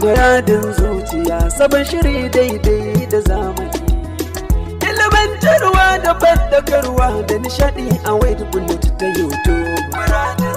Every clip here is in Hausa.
Muradin zuciya sabon shiri daidai da zamani. Ilimantarwa da bandagarwa da nishadi a wade bullet ta YouTube.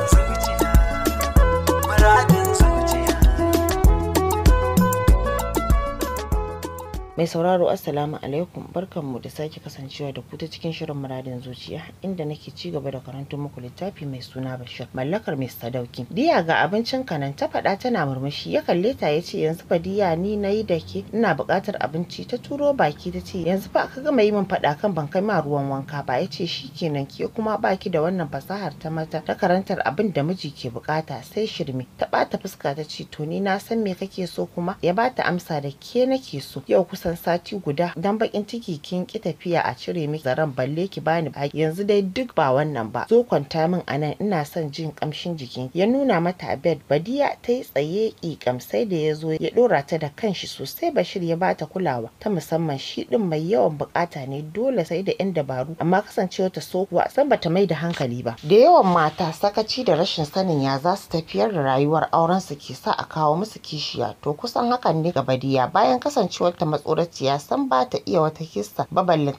Mai sauraro Assalamu alaikum barkanmu da sake kasancewa da ku ta cikin shirin muradin zuciya inda nake ci gaba da karanto muku littafi mai suna Bashir mallakar mai sadauki. Diya ga abincin kanan ta faɗa tana murmushi ya kalle ta ya ce yanzu fa diya ni na yi da ke ina buƙatar abinci ta turo baki ta ce yanzu fa aka gama yi min faɗa kan ban kai ma ruwan wanka ba ya ce shi kenan ke kuma baki da wannan fasahar ta mata ta karantar abin da miji ke buƙata sai shirme ta ɓata fuska ta ce to ni na san me kake so kuma ya bata amsa da ke nake so yau kusa kusan sati guda dan bakin ciki kin ki tafiya a cire miki zaren balle ki bani ba yanzu dai duk ba wannan ba zo kwanta min anan ina son jin kamshin jikin ya nuna mata a bed badiya ta yi tsaye ki kamsai da ya zo ya dora ta da kanshi sosai bashir ya bata kulawa ta musamman shi din mai yawan bukata ne dole sai da yan dabaru amma kasancewar ta so kuwa san bata mai da hankali ba da yawan mata sakaci da rashin sanin ya za su tafiyar da rayuwar auren su ke sa a kawo musu kishiya to kusan hakan ne ga badiya bayan kasancewar ta matso matsoraciya san ba ta iya wata kissa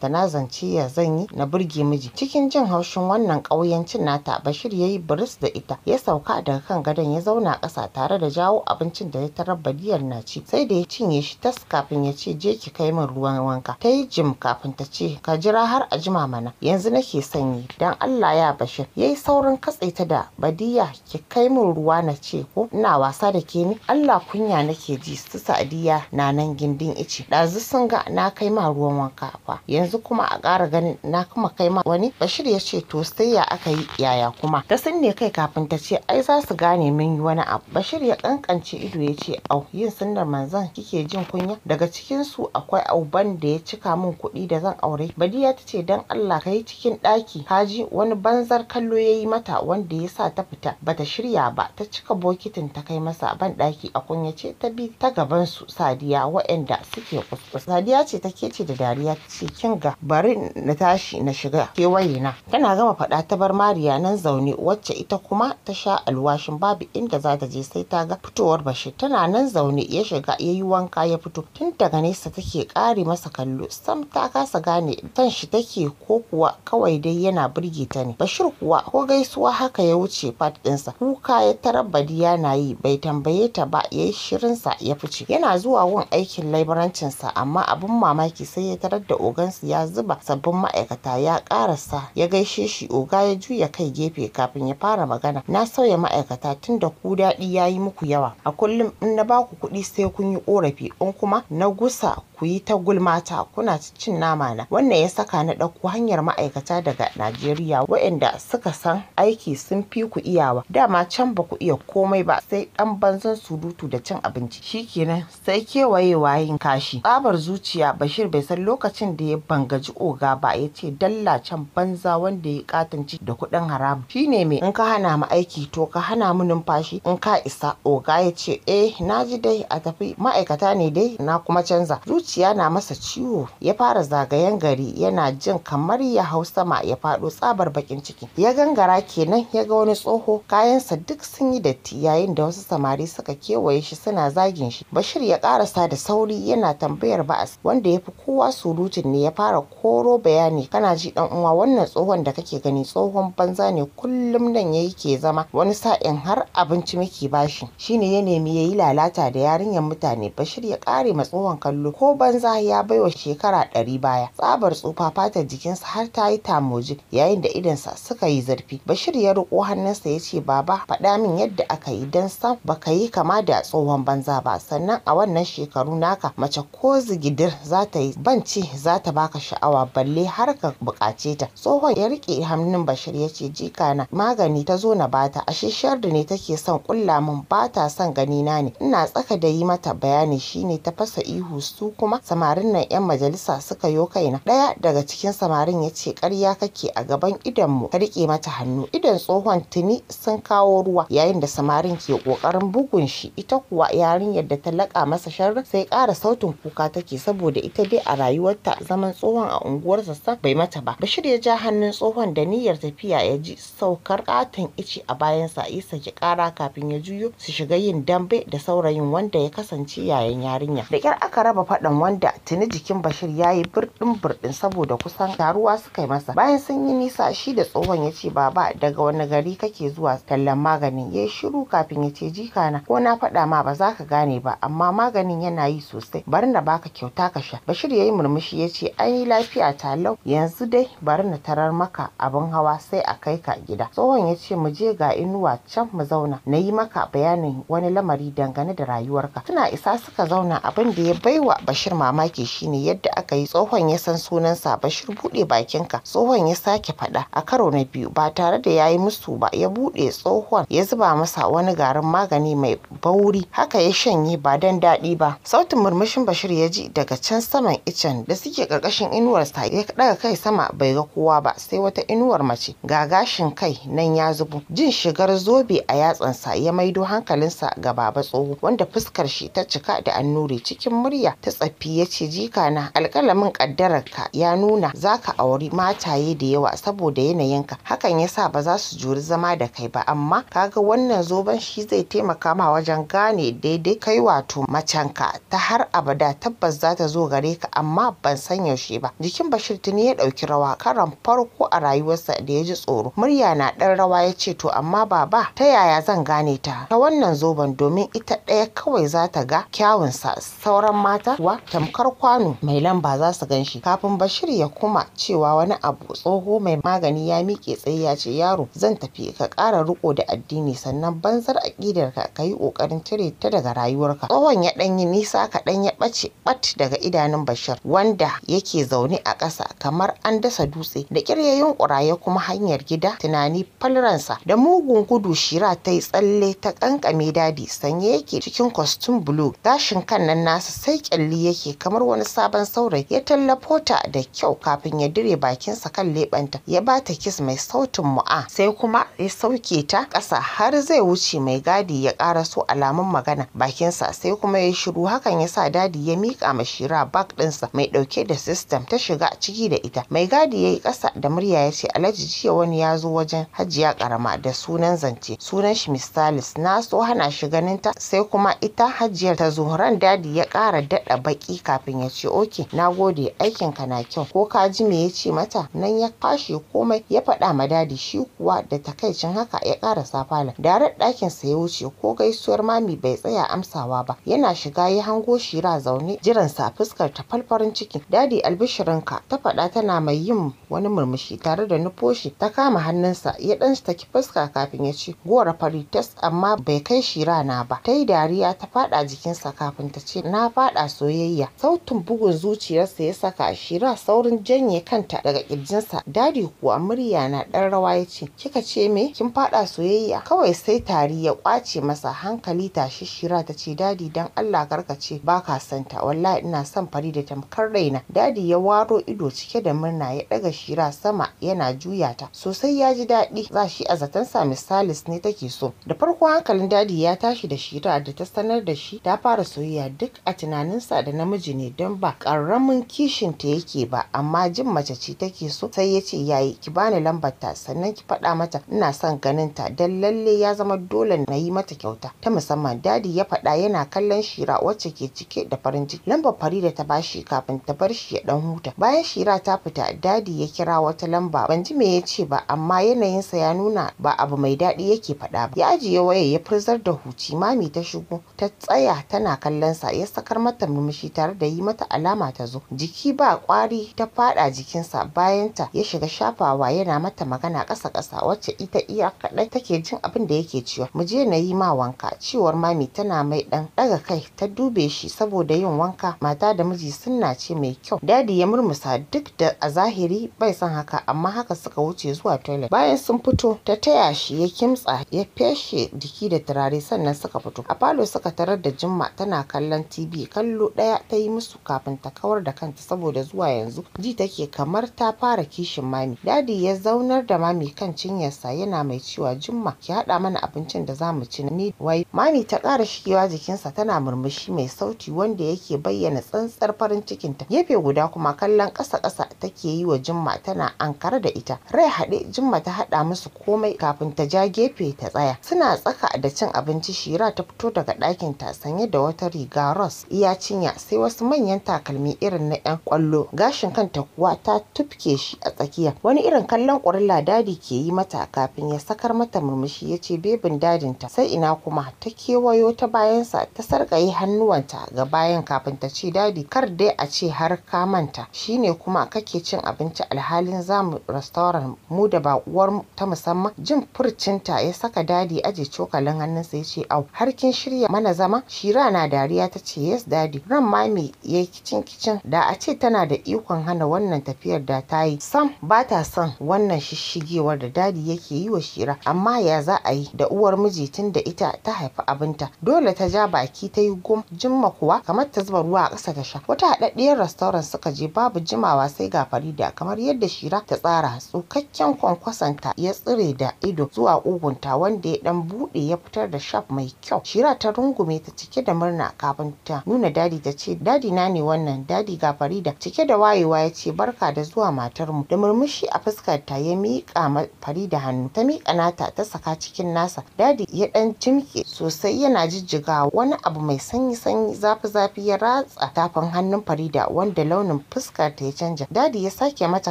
ta na zance ya zanyi na burge miji cikin jin haushin wannan ƙauyancin nata bashir ya yi biris da ita ya sauka daga kan gadon ya zauna ƙasa tare da jawo abincin da ya tarar badiyar na ci sai da ya cinye shi tas kafin ya ce je ki kai min ruwan wanka ta yi jim kafin ta ce ka jira har a jima mana yanzu nake sanyi dan Allah ya bashir ya yi saurin katse ta da badiya ki kai min ruwa na ce ko ina wasa da ke ni Allah kunya nake ji su sadiya na nan gindin ice Yanzu sun ga na kai ma ruwan wanka fa yanzu kuma a ƙara ganin na kuma kai ma wani bashir ya ce to sai ya aka yi yaya kuma ta san ne kai kafin ta ce ai za su gane min yi wani abu bashir ya kankance ido ya ce au yin sunnar manzan kike jin kunya daga cikin su akwai auban da ya cika min kuɗi da zan aure badiya ta ce dan Allah ka cikin ɗaki haji wani banzar kallo ya yi mata wanda ya sa ta fita bata shirya ba ta cika bokitin ta kai masa ban ɗaki a kunya ce ta bi ta gaban su sadiya waɗanda suke Sadiya ce ta kece da dariya Cikin ce kin ga bari na tashi na shiga kewaye na. Tana gama faɗa ta bar Mariya nan zaune wacce ita kuma ta sha alwashin babu inda za ta je sai ta ga fitowar bashi. tana nan zaune ya shiga ya yi wanka ya fito tun daga nesa take kare masa kallo sam ta kasa gane tan shi take ko kuwa kawai dai yana burge ta ne. Bashir kuwa ko gaisuwa haka ya wuce fat ɗinsa kuka ya tarabbadi yana yi bai tambaye ta ba yayi shirinsa ya fice yana zuwa wun aikin laibarancinsa amma abin mamaki sai ya tarar da ogansu ya zuba sabbin ma'aikata ya karasa ya gaishe shi oga ya juya kai gefe kafin ya fara magana na sauya ma'aikata tun da ku daɗi ya yi muku yawa a kullum in na baku kuɗi sai kun yi ƙorafi in kuma na gusa ku yi ta gulmata kuna cin nama na wannan ya saka na ɗauko hanyar ma'aikata daga najeriya waɗanda suka san aiki sun fi ku iyawa dama can ba ku iya komai ba sai ɗan banzan surutu da cin abinci shi shikenan sai kewayewa yin kashi tsabar zuciya Bashir bai san lokacin da ya bangaji oga ba ya ce dallacen banza wanda ya katanci da kuɗin shi shine mai in ka hana mu aiki to ka hana mu numfashi in ka isa oga ya ce eh na ji dai a tafi ma'aikata ne dai na kuma canza zuciya na masa ciwo ya fara zagayen gari yana jin kamar ya hau sama ya faɗo tsabar bakin ciki ya gangara kenan ya ga wani tsoho kayansa duk sun yi datti yayin da wasu samari suka kewaye shi suna zagin shi Bashir ya karasa da sauri yana tambayar. ba a wanda ya fi kowa surutun ne ya fara koro bayani kana ji dan uwa wannan tsohon da kake gani tsohon banza ne kullum nan yayi ke zama wani sa'in har abinci muke bashi shine ya nemi ya yi lalata da yarinyar mutane bashir ya kare ma tsohon kallo ko banza ya baiwa shekara ɗari baya tsabar tsufa fatar jikinsa har ta yi tamoji yayin da idansa suka yi zurfi. bashir ya riko hannunsa ya ce baba faɗa min yadda aka yi dan sam baka yi kama da tsohon banza ba sannan a wannan shekaru naka mace ko ko zigidir za ta yi banci za ta baka sha'awa balle har ka bukace ta tsohon ya rike hannun bashir ya ce jika na magani ta zo na bata ashe shardi ne take son ƙulla min ba ta son gani na ne ina tsaka da yi mata bayani shine ta fasa ihu su kuma samarin nan yan majalisa suka yo kaina Ɗaya daga cikin samarin ya ce ƙarya kake a gaban idon mu ka rike mata hannu Idan tsohon tuni sun kawo ruwa yayin da samarin ke ƙoƙarin bugun shi ita kuwa yarinyar da ta laƙa masa sharri sai ƙara sautin kuka kuka take saboda ita dai a rayuwarta zaman tsohon a unguwarsa sak bai mata ba bashir ya ja hannun tsohon da niyyar tafiya ya ji saukar katon ice a bayansa isa ki kara kafin ya juyo su shiga yin dambe da saurayin wanda ya kasance yayan yarinya da kyar aka raba faɗan wanda tuni jikin bashir ya yi birɗin birɗin saboda kusan taruwa suka yi masa bayan sun yi nisa shi da tsohon ya ce baba daga wani gari kake zuwa tallan maganin ya shiru kafin ya ce jikana ko na faɗa ma ba za ka gane ba amma maganin yana yi sosai bari na baka kyauta ka sha bashir yayi murmushi yace ai lafiya ta yanzu dai bari na tarar maka abin hawa sai a kai ka gida tsohon yace ce mu je ga inuwa can mu zauna na yi maka bayanin wani lamari dangane da rayuwarka suna isa suka zauna abin da ya baiwa bashir mamaki shine yadda aka yi tsohon ya san sunansa bashir buɗe bakinka tsohon ya sake faɗa a karo na biyu ba tare da ya yi musu ba ya bude tsohon ya zuba masa wani garin magani mai bauri haka ya shanye ba don daɗi ba sautin murmushin bashir Kabiru ya ji daga can saman icen da suke ƙarƙashin inuwarsa ya ɗaga kai sama bai ga kowa ba sai wata inuwar mace ga gashin kai nan ya zubo. Jin shigar zobe a yatsansa ya maido hankalinsa ga baba tsoho wanda fuskar shi ta cika da annuri cikin murya ta tsaffi ya ce jika na alƙalamin ƙaddararka ya nuna zaka auri mataye da yawa saboda yanayin ka hakan ya sa ba za su juri zama da kai ba amma kaga wannan zoben shi zai taimaka ma wajen gane daidai kai wato macenka ta har abada tabbas za ta zo gare ka amma ban san yaushe ba jikin bashir tuni ya ɗauki rawa karan farko a rayuwarsa da ya ji tsoro murya na ɗan rawa ya ce to amma baba ta yaya zan gane ta ta wannan zoben domin ita ɗaya kawai za ta ga sa sauran mata kuwa tamkar kwano mai lamba za su gan shi kafin bashir ya kuma cewa wani abu tsoho mai magani ya miƙe tsaye ya ce yaro zan tafi ka ƙara riko da addini sannan banzar aƙidarka, ka yi ƙoƙarin cire ta daga rayuwarka tsohon ya ɗan yi nisa kaɗan ya ɓace ɓat daga idanun Bashir wanda yake zaune a ƙasa kamar an dasa dutse da ƙiryayin ƙuraye kuma hanyar gida tunani falransa da mugun gudu shira ta yi tsalle ta ƙanƙame dadi sanye yake cikin kwastum bulu gashin kan nan nasa sai ƙyalli yake kamar wani sabon saurayi ya tallafo ta da kyau kafin ya dire bakinsa kan leɓanta ya ba ta kis mai sautin mu'a sai kuma ya sauke ta ƙasa har zai wuce mai gadi ya ƙaraso alamun magana bakinsa sai kuma ya shiru hakan ya sa dadi ya mika ma shira bag ɗinsa mai ɗauke da sistem ta shiga ciki da ita mai gadi yayi yi ƙasa da murya ya ce alhaji jiya wani ya zo wajen hajiya karama da sunan zance sunan shi mistalis na so hana shi ganin ta sai kuma ita hajiyar ta zo ran dadi ya kara daɗa baki kafin ya ce oke na gode aikin ka na kyau ko ka ji me ya ce mata nan ya kwashe komai ya faɗa ma dadi shi kuwa da takaicin haka ya ƙara safala darar ɗakin sa ya wuce ko gaisuwar mami bai tsaya amsawa ba yana shiga ya hango shira zaune Jiran jiransa fuskar ta falfarin ciki dadi albishirinka ta faɗa tana mai yin wani murmushi tare da nufoshi ta kama hannunsa ya ɗan saki fuska kafin ya ce gora fari tas amma bai kai shi rana ba ta yi dariya ta faɗa jikinsa kafin ta ce na faɗa soyayya sautin bugun zuciyarsa ya saka shira saurin janye kanta daga kirjinsa dadi kuwa murya na ɗan rawa ya ce kika ce me kin faɗa soyayya kawai sai tari ya kwace masa hankali tashi shira ta ce dadi dan Allah karkace ba ka santa ta wallahi ina son Farida tamkar raina dadi ya waro ido cike da murna ya daga shira sama yana juya ta sosai ya ji daɗi za shi a zaton sa misalis ne take so da farko hankalin dadi ya tashi da shira da ta sanar da shi ta fara soyayya duk a tunaninsa da namiji ne don ba ƙaramin kishin ta yake ba amma jin mace ce take so sai ya ce yayi ki bani lambar ta sannan ki faɗa mata ina son ganin ta dan lalle ya zama dole na yi mata kyauta ta musamman dadi ya faɗa yana kallon shira wacce ke cike da farin lamba lambar Farida ta bashi kafin ta bar shi ya dan huta bayan Shira ta fita dadi ya kira wata lamba ban ji me ya ba amma yanayinsa ya nuna ba abu mai daɗi yake faɗa ba ya ajiye waya ya furzar da huci mami ta shigo ta tsaya tana kallon sa ya sakar mata murmushi tare da yi mata alama ta zo jiki ba kwari ta faɗa jikinsa bayan ta ya shiga shafawa yana mata magana ƙasa ƙasa wacce ita iya kaɗai take jin abin da yake cewa. mu je na yi ma wanka ciwar mami tana mai ɗan ɗaga kai ta dube shi saboda yin son wanka mata da miji sunna ce mai kyau dadi ya murmusa duk da a zahiri bai son haka amma haka suka wuce zuwa toilet bayan sun fito ta taya shi ya kimtsa ya feshe jiki da turare sannan suka fito a falo suka tarar da jimma tana kallon tv kallo daya ta yi musu kafin ta kawar da kanta saboda zuwa yanzu ji take kamar ta fara kishin mami dadi ya zaunar da mami kan cinyarsa yana mai cewa jimma ki haɗa mana abincin da za mu ci ni wai mami ta kara shigewa jikinsa tana murmushi mai sauti wanda yake take bayyana tsantsar farin cikinta gefe guda kuma kallon ƙasa-ƙasa take yi wa jimma tana ankara da ita rai haɗe jimma ta haɗa musu komai kafin ta ja gefe ta tsaya suna tsaka da cin abinci shira ta fito daga ɗakin ta sanye da wata riga ros iya cinya sai wasu manyan takalmi irin na 'yan kwallo gashin kanta kuwa ta tufke shi a tsakiya wani irin kallon ƙurilla dadi ke yi mata kafin ya sakar mata murmushi yace ce bebin dadinta sai ina kuma ta kewayo ta bayansa ta sarƙaye hannuwanta ga bayan ka. kafin ta ce dadi kar dai a ce har ka manta shi ne kuma kake cin abinci alhalin zamu restaurant mu da bakuwar ta musamman jin furcinta ya saka dadi aje cokalin hannunsa ya ce au har kin shirya mana zama shira na dariya ta ce yes dadi ran mami ya kicin kicin da a ce tana da ikon hana wannan tafiyar da ta yi sam ba ta son wannan shishigewar da dadi yake yi wa shira amma ya za a yi da uwar miji tun da ita ta haifi abinta dole ta ja baki ta yi gum jimma kuwa kamar ta zuba ruwa a ƙasa ta sha wata haɗaɗɗiyar restaurant suka je babu jimawa sai ga farida kamar yadda shira ta tsara tsukakken kwankwasanta ya tsire da ido zuwa ugunta wanda ya ɗan buɗe ya fitar da shaf mai kyau shira ta rungume ta cike da murna kafin ta nuna dadi ta ce dadi na ne wannan dadi ga farida cike da wayewa ya ce barka da zuwa matarmu da murmushi a fuskar ta ya miƙa farida hannu ta miƙa nata ta saka cikin nasa dadi ya ɗan jimke sosai yana jijjiga wani abu mai sanyi sanyi zafi zafi ya ya ratsa tafin hannun Farida wanda launin fuskar ta ya canja. Dadi ya sake mata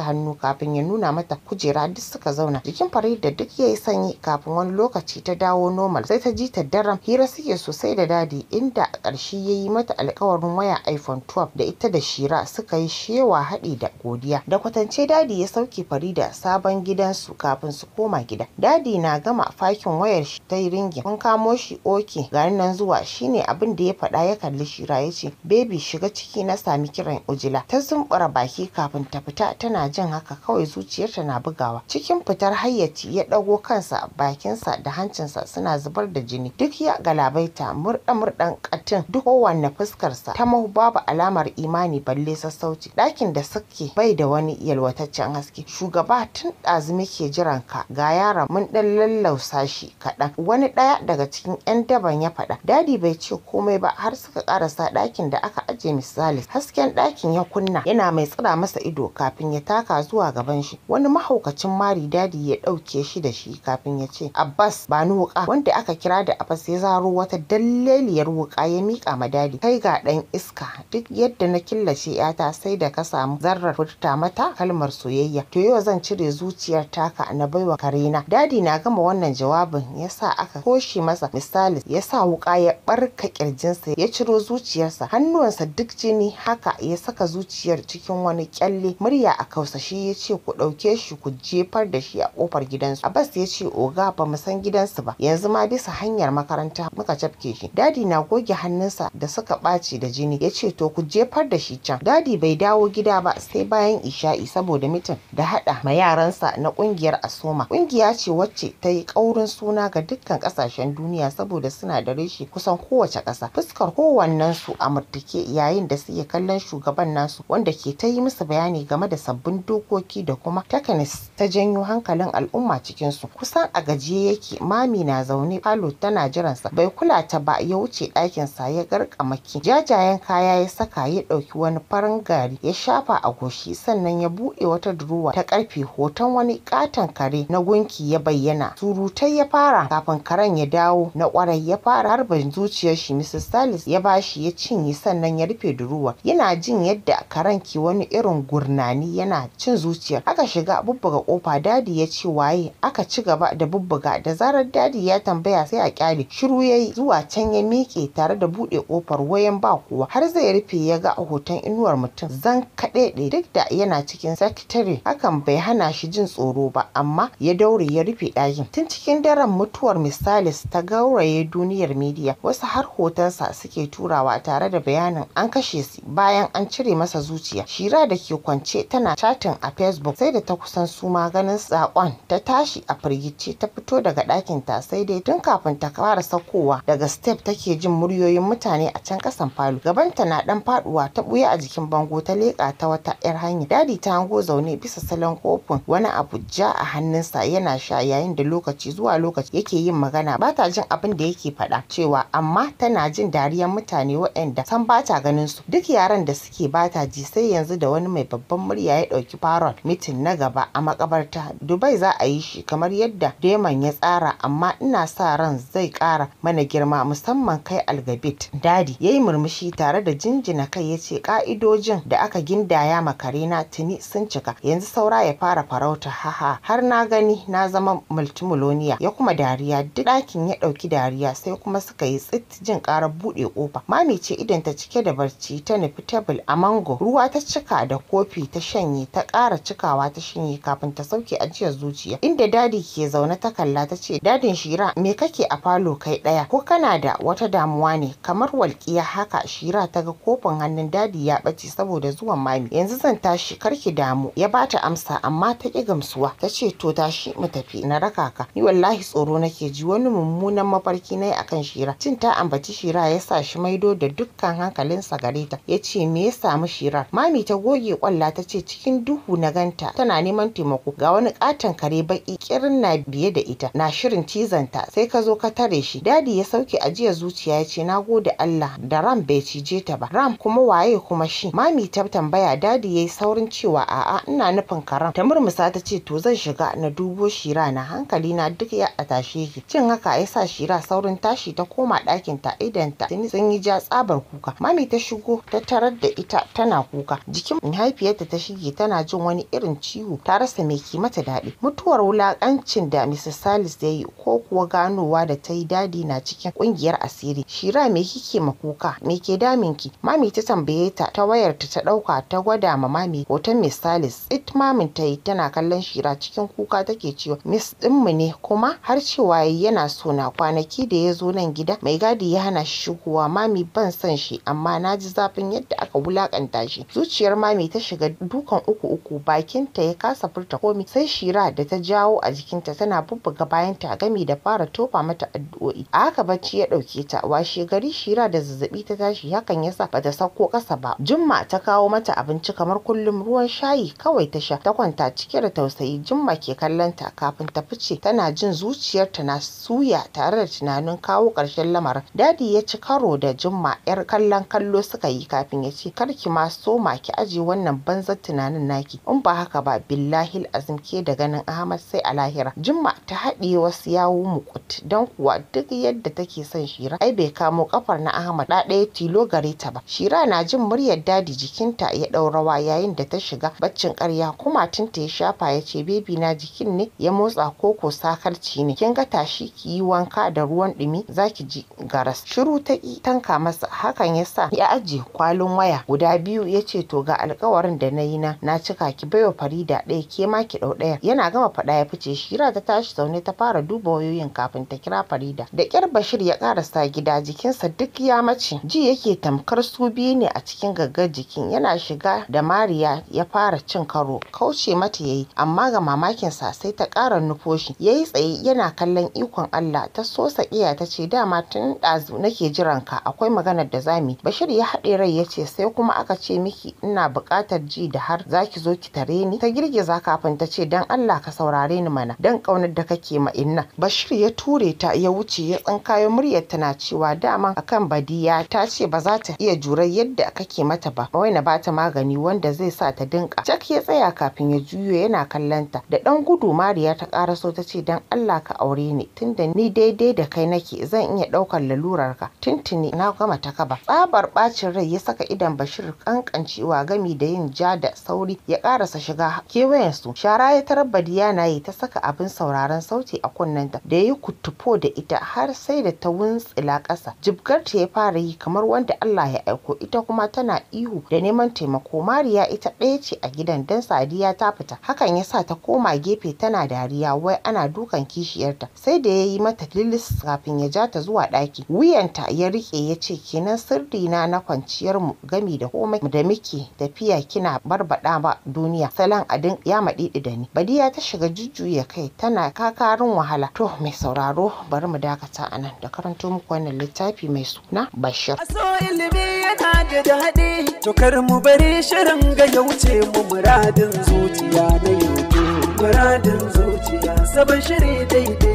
hannu kafin ya nuna mata kujera duk suka zauna. Jikin Farida duk ya yi sanyi kafin wani lokaci ta dawo normal sai ta ji ta daram hira suke sosai da dadi inda a ƙarshe ya yi mata alkawarin waya iPhone 12 da ita da Shira suka yi shewa haɗi da godiya. Da kwatance dadi ya sauke Farida sabon gidansu kafin su koma gida. Dadi na gama fakin wayar shi ta yi ringin. Kun kamo shi oke garin nan zuwa shine abin da ya faɗa ya kalli Shira ya ce Baby shiga ciki na sami kiran ujila. Ta zumbura baki kafin ta fita tana jin haka kawai zuciyarta na bugawa. Cikin fitar hayyaci ya ɗago kansa bakinsa da hancinsa suna zubar da jini. Duk ya galabaita murɗa-murɗan katin duk kowanne fuskarsa ta mahu babu alamar imani balle sassauci. Ɗakin da suke bai da wani yalwataccen haske. Shugaba tun ɗazu muke jiran ka ga yaron mun ɗan lallausa shi kaɗan. Wani ɗaya daga cikin 'yan daban ya faɗa. Dadi bai ce komai ba har suka ƙarasa ɗakin ɗakin da aka ajiye Miss Hasken ɗakin ya kunna yana mai tsira masa ido kafin ya taka zuwa gaban shi. Wani mahaukacin mari dadi ya ɗauke shi da shi kafin ya ce Abbas ba ni wuƙa wanda aka kira da Abbas ya zaro wata dalleliyar wuƙa ya miƙa ma dadi. Kai ga ɗan iska duk yadda na killace ‘yata sai da ka samu zarrar furta mata kalmar soyayya. To yau zan cire zuciyar taka na baiwa karena. Dadi na gama wannan jawabin ya sa aka koshi masa Misalis, ya sa wuƙa ya ɓarka ƙirjinsa ya ciro zuciyarsa kansa hannuwansa duk jini haka ya saka zuciyar cikin wani kyalle murya a kausashe ya ce ku ɗauke shi ku jefar da shi a ƙofar gidansu abbas ya ce oga ba mu san gidansu ba yanzu ma bisa hanyar makaranta muka cafke shi dadi na goge hannunsa da suka ɓaci da jini ya ce to ku jefar da shi can dadi bai dawo gida ba sai bayan isha'i saboda mitin da haɗa ma yaransa na ƙungiyar asoma ƙungiya ce wacce ta yi ƙaurin suna ga dukkan ƙasashen duniya saboda suna da reshe kusan kowace ƙasa fuskar kowannensu su a murtuke yayin da suke kallon shugaban nasu wanda ke ta yi musu bayani game da sabbin dokoki da kuma takanis ta janyo hankalin al'umma cikinsu kusan a gajiye yake mami na zaune falo tana jiransa bai kula ta ba ya wuce ɗakinsa ya garkamaki jajayen kaya ya saka ya ɗauki wani farin gari ya shafa a goshi sannan ya buɗe wata durowa ta ƙarfe hoton wani ƙaton kare na gunki ya bayyana surutai ya fara kafin karen ya dawo na ƙwarai ya fara harbin zuciyar shi mrs salis ya bashi ya cinye kunni sannan ya rufe duruwar yana jin yadda karen ke wani irin gurnani yana cin zuciyar aka shiga bubbuga kofa dadi ya ce waye aka ci gaba da bubbuga da zarar dadi ya tambaya sai a kyale shiru yayi zuwa can ya miƙe tare da buɗe kofar wayan ba kowa har zai rufe ya ga hoton inuwar mutum zan kaɗaiɗe duk da yana cikin sakitare hakan bai hana shi jin tsoro ba amma ya daure ya rufe ɗakin tun cikin daren mutuwar misalis ta gauraye duniyar midiya wasu har hotonsa suke turawa tare da da bayanin an kashe su bayan an cire masa zuciya. Shira da ke kwance tana chatting a Facebook sai da ta kusan suma ganin sakon ta tashi a firgice ta fito daga ɗakin ta sai dai tun kafin ta fara saukowa daga step take jin muryoyin mutane a can kasan falo. Gabanta na dan faduwa ta buya a jikin bango ta leka ta wata 'yar hanya. Dadi ta hango zaune bisa salon kofin wani abu ja a hannunsa yana sha yayin da lokaci zuwa lokaci yake yin magana ba ta jin abin da yake faɗa cewa amma tana jin dariyar mutane waɗanda san bata ganin su duk yaran da suke bata ji sai yanzu da wani mai babban murya ya dauki parol mitin na gaba a makabarta dubai za a yi shi kamar yadda deman ya tsara amma ina sa ran zai kara mana girma musamman kai algabit dadi yayi murmushi tare da jinjina kai ya ce ka'idojin da aka gindaya ma na tuni sun cika yanzu saura ya fara farauta haha har na gani na zama multimiloniya ya kuma dariya duk ɗakin ya ɗauki dariya sai kuma suka yi tsit jin ƙarar buɗe ƙofa mami ce idan ta cike da barci ta nufi tebul a mango ruwa ta cika da kofi ta shanye ta ƙara cikawa ta shanye kafin ta sauke ajiyar zuciya inda dadi ke zaune ta kalla ta ce dadin shira me kake a falo kai ɗaya ko kana da wata damuwa ne kamar walƙiya haka shira ta ga kofin hannun dadi ya ɓace saboda zuwan mami yanzu zan tashi karki damu ya bata amsa amma ta ƙi gamsuwa ta ce to tashi mu tafi na raka ka ni wallahi tsoro nake ji wani mummunan mafarki na yi akan shira cin ta ambaci shira ya sa shi maido da dukkan kan sa gare ta ya ce me ya samu shirar mami ta goge kwalla ta ce cikin duhu na ganta tana neman taimako ga wani katon kare baki kirin na biye da ita na shirin cizanta sai ka zo ka tare shi dadi ya sauke ajiya zuciya ya ce na gode Allah da ram bai cije ta ba ram kuma waye kuma shi mami ta tambaya dadi yayi saurin cewa a'a ina nufin karam ta murmusa ta ce to zan shiga na dubo shira na hankali na duk ya a tashe cin haka ya sa shira saurin tashi ta koma ɗakin ta idan ta sun yi ja tsabar ku kuka mami ta shigo ta tarar da ita tana kuka jikin mahaifiyarta ta shige tana jin wani irin ciwo ta rasa mai ki mata daɗi mutuwar wulakancin da Mrs Salis ya yi ko kuwa ganowa da ta yi dadi na cikin ƙungiyar asiri shira me kike ma kuka me ke damin ki mami ta tambaye ta ta wayar ta ta dauka ta gwada ma mami hoton Mrs. Salis it mamin ta yi tana kallon shira cikin kuka take cewa Miss dinmu ne kuma har cewa yana so na kwanaki da ya zo nan gida mai gadi ya hana shi shigowa mami ban san son shi amma na ji zafin yadda aka wulakanta shi zuciyar mami ta shiga dukan uku uku bakinta ya kasa furta komai. sai shira da ta jawo a jikinta tana bubbuga bayan ta gami da fara tofa mata addu'o'i a haka bacci ya ɗauke ta washe gari shira da zazzabi ta tashi hakan yasa bata sauko ƙasa ba jumma ta kawo mata abinci kamar kullum ruwan shayi kawai ta sha ta kwanta cike da tausayi jumma ke kallon ta kafin ta fice tana jin zuciyarta na suya tare da tunanin kawo ƙarshen lamarin dadi ya ci karo da jumma yar kallon kallo suka yi kafin ya ce kar ki ma soma ki aje wannan banzar tunanin naki in ba haka ba billahi azim ke da ganin Ahmad sai a lahira jimma ta haɗe wasu yawo mukut don kuwa duk yadda take son Shira ai bai kamo kafar na Ahmad da ɗaya tilo gare ta ba Shira na jin muryar dadi jikinta ya ɗau rawa yayin da ta shiga baccin karya. kuma tinta ya shafa ya ce bebi na jikin ne ya motsa koko sakarci ne kin ga tashi ki yi wanka da ruwan ɗumi zaki ji garas shiru ta tanka masa haka hakan ya sa ya aje kwalin waya guda biyu ya ce to ga alkawarin da na yi na na cika ki baiwa farida ɗaya ke ma ki ɗau ɗaya yana gama faɗa ya fice shira ta tashi zaune ta fara duba wayoyin kafin ta kira farida da ƙyar bashir ya ƙarasa gida jikinsa duk ya mace ji yake tamkar su biyu ne a cikin gaggar jikin yana shiga da mariya ya fara cin karo kauce mata ya yi, amma ga mamakinsa sai ta ƙara nufoshi. shi yi tsaye yana kallon ikon Allah ta so iya ta ce dama tun ɗazu nake jiran ka akwai maganar da zami bashir ya haɗe rai ya ce sai kuma aka ce miki ina buƙatar ji da har zaki zo ki tare ni ta girgiza kafin ta ce dan Allah ka saurare ni mana dan ƙaunar da kake ma inna bashir ya ture ta ya wuce ya tsinkayo muryar tana cewa dama akan badiya ta ce ba za ta iya jurar yadda kake mata ba wai na bata magani wanda zai sa ta dinka Jack ya tsaya kafin ya juyo yana kallanta da ɗan gudu Mariya ta karaso ta ce dan Allah ka aure ni tunda ni daidai da kai nake zan iya ɗaukar lalurarka tuntuni na gama ta kaba ba. Tsabar ɓacin rai ya saka idon Bashir kankancewa gami da yin ja da sauri ya karasa shiga kewayensu. Shara ya tarar na yi ta saka abin sauraron sauti a kunnenta da ya yi kutufo da ita har sai da ta wuntsila ƙasa. Jibgarta ya fara yi kamar wanda Allah ya aiko ita kuma tana ihu da neman taimako. Mariya ita ɗaya ce a gidan dan Sadiya ta fita. Hakan ya sa ta koma gefe tana dariya wai ana dukan kishiyarta. Sai da ya yi mata lilis kafin ya ja ta zuwa ɗaki. Wuyanta ya riƙe ya ce kenan sirri na na kwanciyar mu gami da komai da muke tafiya kina barbada ba duniya salon adin ya maɗiɗi da ni badiya ta shiga jujjuya kai tana kakarin wahala to mai sauraro bari mu dakata anan da karanto muku wannan littafi mai suna bashir aso ilimi yana da daɗi to kar mu bari shirin ga ya wuce mu muradin zuciya na yau muradin zuciya sabon shiri daidai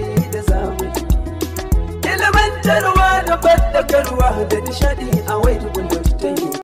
Ilimantarwa da fadakarwa da nishadi a wai tukun ta yi.